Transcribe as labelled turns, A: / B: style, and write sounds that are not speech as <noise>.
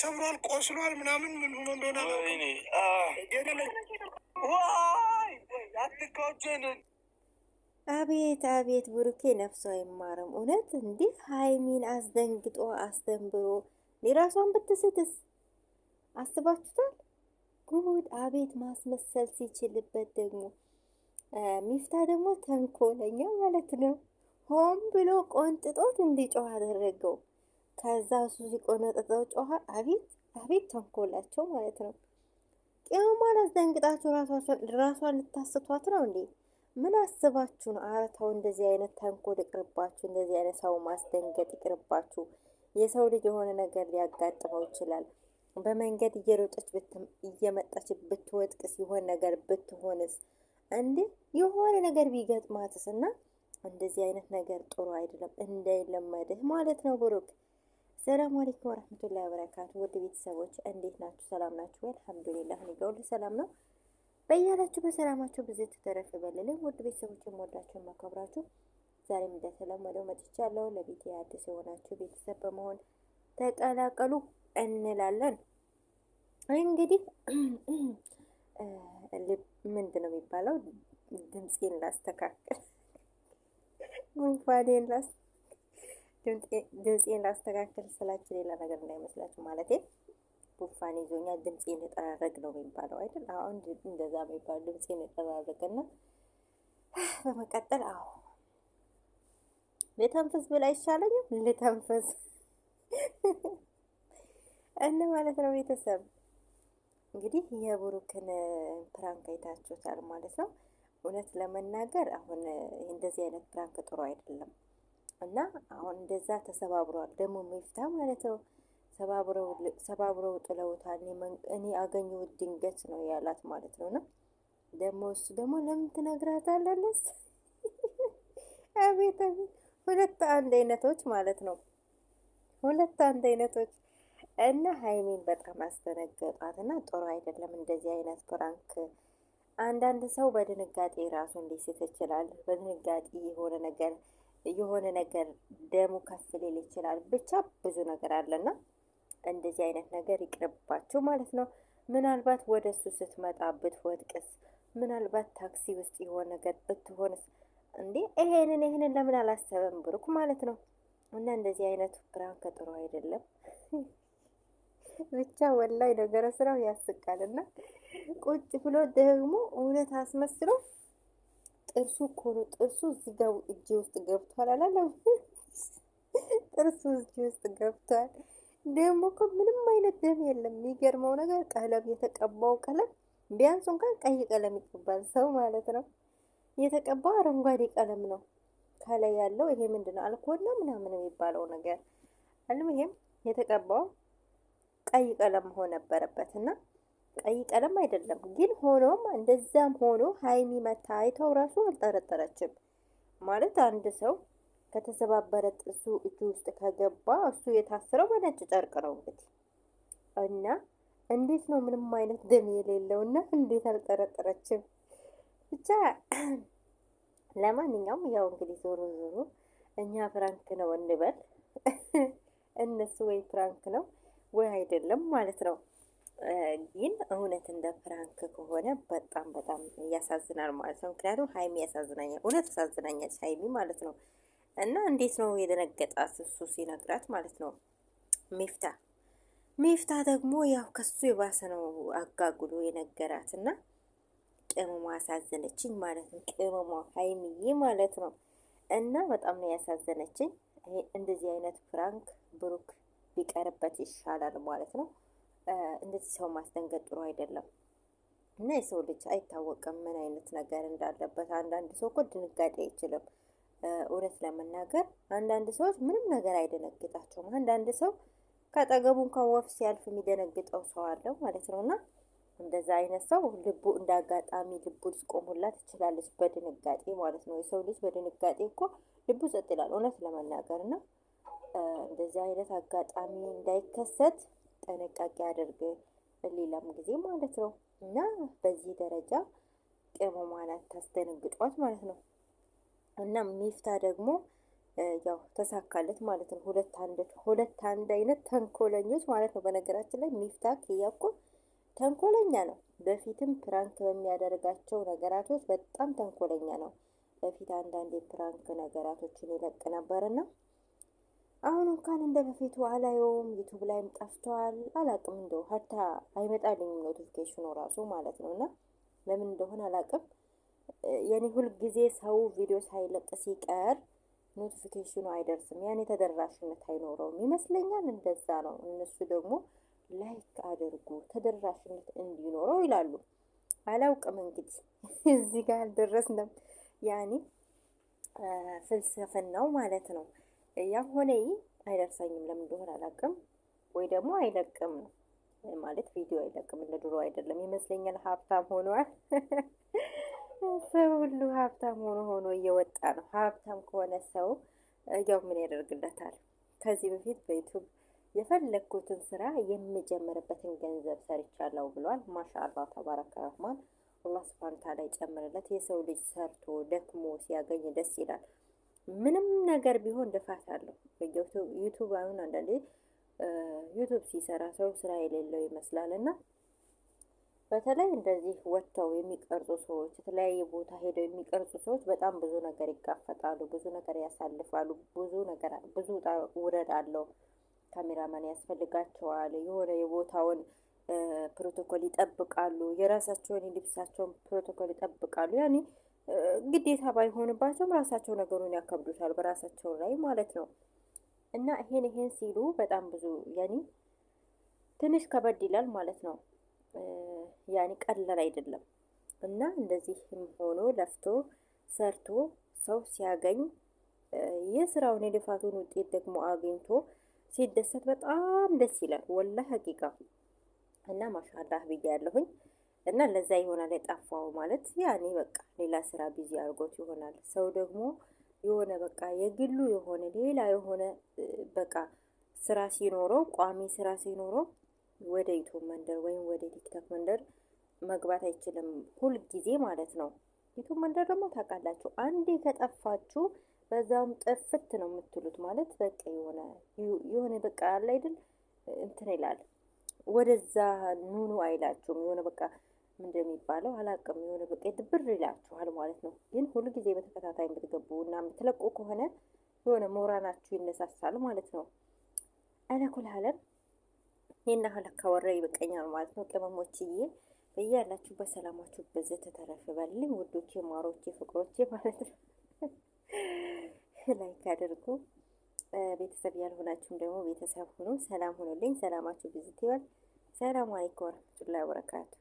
A: ሰብሯል፣ ቆስሏል፣ ምናምን ምን ሆኖ እንደሆነ
B: አቤት አቤት ብሩኬ ነፍሶ አይማርም። እውነት እንዲህ ሀይሚን አስደንግጦ አስደንብሮ ራሷን ብትስትስ አስባችሁታል? ጉድ! አቤት ማስመሰል ሲችልበት ደግሞ ሚፍታ ደግሞ ተንኮለኛ ማለት ነው። ሆም ብሎ ቆንጥጦት እንዲጮህ አደረገው። ከዛ እሱ ሲቆነጠጠው ጮኸ። አቤት አቤት ተንኮላቸው ማለት ነው። ቅያው ማለት ዘንግጣችሁ ራሷን ልታስቷት ነው እንዴ? ምን አስባችሁ ነው? ኧረ ተው፣ እንደዚህ አይነት ተንኮል ይቅርባችሁ። እንደዚህ አይነት ሰው ማስደንገጥ ይቅርባችሁ። የሰው ልጅ የሆነ ነገር ሊያጋጥመው ይችላል። በመንገድ እየሮጠች እየመጣች ብትወጥቅ ሲሆን ነገር ብትሆንስ እንዴ? የሆነ ነገር ቢገጥማትስ? እና እንደዚህ አይነት ነገር ጥሩ አይደለም። እንዳይለመድህ ማለት ነው ብሩክ ሰላም አለይኩም ወራህመቱላሂ ወበረካቱ። ውድ ቤተሰቦች እንዴት ናችሁ? ሰላም ናችሁ? አልሐምዱሊላህ እኔ ጋር ሁሉ ሰላም ነው። በያላችሁ በሰላማችሁ ብዙ ተረፍ ይበልልኝ። ውድ ቤተሰቦች የምወዳችሁ ማከብራችሁ፣ ዛሬም እንደተለመደው መጥቻለሁ። ለቤት አዲስ የሆናችሁ ቤተሰብ በመሆን ተቀላቀሉ እንላለን። እንግዲህ <clears throat> ምንድን ነው የሚባለው? ድምፄን ላስተካክል፣ ጉንፋኔን ላስ ድምፄን ላስተካከል ስላችሁ ሌላ ነገር እንዳይመስላችሁ ማለት ጉንፋን ይዞኛ ድምፄን ጠራረግ ነው የሚባለው አይደል? አሁን እንደዛ የሚባል ድምፄን ጠራረግና በመቀጠል አዎ ልተንፍስ ብላ አይሻለኝም ልተንፍስ <laughs> እነ ማለት ነው። ቤተሰብ እንግዲህ የብሩክን ፕራንክ አይታችሁታል ማለት ነው። እውነት ለመናገር አሁን እንደዚህ አይነት ፕራንክ ጥሩ አይደለም። እና አሁን እንደዛ ተሰባብሯል። ደግሞ ሚፍታ ማለት ነው ሰባብረው ጥለውታል። እኔ አገኘሁት ድንገት ነው ያላት ማለት ነው። እና ደግሞ እሱ ደግሞ ለምን ትነግራታለለስ? <laughs> አቤት አቤት! ሁለት አንድ አይነቶች ማለት ነው። ሁለት አንድ አይነቶች እና ሀይሜን በጣም አስተነገጧት። እና ጥሩ አይደለም እንደዚህ አይነት ፕራንክ። አንዳንድ ሰው በድንጋጤ ራሱ እንዲስት ይችላል። በድንጋጤ የሆነ ነገር የሆነ ነገር ደሙ ከፍ ሊል ይችላል። ብቻ ብዙ ነገር አለና እንደዚህ አይነት ነገር ይቅርባችሁ ማለት ነው። ምናልባት ወደ እሱ ስትመጣ ብትወድቅስ፣ ምናልባት ታክሲ ውስጥ የሆነ ነገር ብትሆንስ፣ እንዴ ይሄንን ይሄንን ለምን አላሰበም ብሩክ ማለት ነው። እና እንደዚህ አይነት ፕራንክ ጥሩ አይደለም። <laughs> ብቻ ወላይ ነገረ ስራው ያስቃልና ቁጭ ብሎ ደግሞ እውነት አስመስሎ ጥርሱ እኮ ነው ጥርሱ እዚህ ጋር እጄ ውስጥ ገብቷል። አላለም <laughs> ጥርሱ እጄ ውስጥ ገብቷል። ደግሞ እኮ ምንም አይነት ደም የለም። የሚገርመው ነገር ቀለም የተቀባው ቀለም ቢያንስ እንኳን ቀይ ቀለም ይቀባል ሰው ማለት ነው። የተቀባው አረንጓዴ ቀለም ነው ከላይ ያለው ይሄ ምንድን ነው? አልኮል ነው ምናምን የሚባለው ነገር አለም። ይሄም የተቀባው ቀይ ቀለም መሆን ነበረበት እና ቀይ ቀለም አይደለም ግን ሆኖም እንደዛም ሆኖ ሀይሚ መታ አይተው ራሱ አልጠረጠረችም። ማለት አንድ ሰው ከተሰባበረ ጥርሱ እጁ ውስጥ ከገባ እሱ የታሰረው በነጭ ጨርቅ ነው እንግዲህ እና እንዴት ነው ምንም አይነት ደም የሌለው እና እንዴት አልጠረጠረችም? ብቻ ለማንኛውም ያው እንግዲህ ዞሮ ዞሮ እኛ ፍራንክ ነው እንበል፣ እነሱ ወይ ፍራንክ ነው ወይ አይደለም ማለት ነው። ግን እውነት እንደ ፕራንክ ከሆነ በጣም በጣም ያሳዝናል ማለት ነው። ምክንያቱም ሀይሚ ያሳዝናኛል፣ እውነት ያሳዝናኛል ሀይሚ ማለት ነው። እና እንዴት ነው የደነገጣት እሱ ሲነግራት ማለት ነው። ሚፍታ ሚፍታ ደግሞ ያው ከሱ የባሰ ነው አጋግሎ የነገራት እና ቅመሟ አሳዘነችኝ ማለት ነው። ቅመሟ ሀይሚዬ ማለት ነው። እና በጣም ነው ያሳዘነችኝ። እንደዚህ አይነት ፕራንክ ብሩክ ቢቀርበት ይሻላል ማለት ነው። እንደዚህ ሰው ማስደንገጥ ጥሩ አይደለም እና የሰው ልጅ አይታወቅም ምን አይነት ነገር እንዳለበት። አንዳንድ ሰው እኮ ድንጋጤ አይችልም። እውነት ለመናገር አንዳንድ ሰዎች ምንም ነገር አይደነግጣቸውም። አንዳንድ ሰው ከጠገቡን ከወፍ ሲያልፍ የሚደነግጠው ሰው አለው ማለት ነው እና እንደዛ አይነት ሰው ልቡ እንደ አጋጣሚ ልቡ ልስቆሙላ ትችላለች በድንጋጤ ማለት ነው። የሰው ልጅ በድንጋጤ እኮ ልቡ ጸጥ ይላል እውነት ለመናገር እና እንደዚህ አይነት አጋጣሚ እንዳይከሰት ጥንቃቄ አድርግ፣ ሌላም ጊዜ ማለት ነው። እና በዚህ ደረጃ ቅመሟ ናት ማለት ነው። እና ሚፍታ ደግሞ ያው ተሳካለት ማለት ነው። ሁለት አንድ ሁለት አንድ አይነት ተንኮለኞች ማለት ነው። በነገራችን ላይ ሚፍታ ክያኮ ተንኮለኛ ነው። በፊትም ፕራንክ በሚያደርጋቸው ነገራቶች በጣም ተንኮለኛ ነው። በፊት አንዳንድ የፕራንክ ነገራቶችን ይለቅ ነበርና አሁን እንኳን እንደ በፊቱ አላየውም። ዩቱብ ላይም ጠፍቷል። አላቅም እንደው ሀታ አይመጣልኝም ኖቲፊኬሽኑ ራሱ ማለት ነው። እና ለምን እንደሆነ አላቅም። የኔ ሁልጊዜ ሰው ቪዲዮ ሳይለቅ ሲቀር ኖቲፊኬሽኑ አይደርስም። ያኔ ተደራሽነት አይኖረውም ይመስለኛል። እንደዛ ነው። እነሱ ደግሞ ላይክ አድርጉ ተደራሽነት እንዲኖረው ይላሉ። አላውቅም እንግዲህ <laughs> እዚህ ጋር አልደረስንም። ያኔ ፍልስፍናው ማለት ነው። ያም ሆነ ይህ አይደርሰኝም። ለምን እንደሆነ አላውቅም። ወይ ደግሞ አይለቅም ነው ማለት ቪዲዮ አይለቅም። እንደ ድሮ አይደለም ይመስለኛል። ሀብታም ሆኗል። ሰው ሁሉ ሀብታም ሆኖ ሆኖ እየወጣ ነው። ሀብታም ከሆነ ሰው ያው ምን ያደርግለታል? ከዚህ በፊት በዩቱብ የፈለግኩትን ስራ የምጀምርበትን ገንዘብ ሰርቻለሁ ብሏል። ማሻአላ ተባረከ ረህማን አላህ ስብሃነ ተዓላ ይጨምርለት። የሰው ልጅ ሰርቶ ደክሞ ሲያገኝ ደስ ይላል። ምንም ነገር ቢሆን ልፋት አለው። ዩቱብ አሁን አንዳንዴ ዩቱብ ሲሰራ ሰው ስራ የሌለው ይመስላል እና በተለይ እንደዚህ ወጥተው የሚቀርጹ ሰዎች፣ የተለያየ ቦታ ሄደው የሚቀርጹ ሰዎች በጣም ብዙ ነገር ይጋፈጣሉ፣ ብዙ ነገር ያሳልፋሉ። ብዙ ነገር ብዙ ውረድ አለው። ካሜራማን ያስፈልጋቸዋል። የሆነ የቦታውን ፕሮቶኮል ይጠብቃሉ። የራሳቸውን የልብሳቸውን ፕሮቶኮል ይጠብቃሉ ያኔ ግዴታ ባይሆንባቸውም ራሳቸው ነገሩን ያከብዱታል በራሳቸው ላይ ማለት ነው። እና ይሄን ይሄን ሲሉ በጣም ብዙ ያኒ ትንሽ ከበድ ይላል ማለት ነው። ያኒ ቀላል አይደለም። እና እንደዚህም ሆኖ ለፍቶ ሰርቶ ሰው ሲያገኝ የስራውን የልፋቱን ውጤት ደግሞ አግኝቶ ሲደሰት በጣም ደስ ይላል። ወላ ሀቂቃ እና ማሻአላህ ብዬ ያለሁኝ እና ለዛ ይሆናል የጠፋው ማለት ያኔ በቃ ሌላ ስራ ቢዚ አድርጎት ይሆናል። ሰው ደግሞ የሆነ በቃ የግሉ የሆነ ሌላ የሆነ በቃ ስራ ሲኖረው ቋሚ ስራ ሲኖረው ወደ ዩቱብ መንደር ወይም ወደ ቲክቶክ መንደር መግባት አይችልም ሁል ጊዜ ማለት ነው። ዩቱብ መንደር ደግሞ ታውቃላችሁ፣ አንዴ ከጠፋችሁ በዛም ጥፍት ነው የምትሉት ማለት በቃ የሆነ የሆነ በቃ ያለ አይደል እንትን ይላል ወደዛ ኑኑ አይላችሁም የሆነ በቃ እንደሚባለው አላቅም የሆነ በቃ ድብር ይላችኋል ማለት ነው። ግን ሁሉ ጊዜ በተከታታይ የምትገቡ እና የምትለቁ ከሆነ የሆነ ሞራናችሁ ይነሳሳል ማለት ነው። አለኩልሃለን ይህን ያህል ካወራ ይበቀኛል ማለት ነው። ቅመሞችዬ በያላችሁ በሰላማችሁ በዚህ ተተረፍ በልልኝ ውዶቼ፣ ማሮቼ፣ ፍቅሮቼ ማለት ነው። ላይክ አድርጉ። ቤተሰብ ያልሆናችሁም ደግሞ ቤተሰብ ሁኑ። ሰላም ሁኑልኝ። ሰላማችሁ ብዙ ይበል። ሰላም አለይኩም ወረህመቱላሂ ወበረካቱ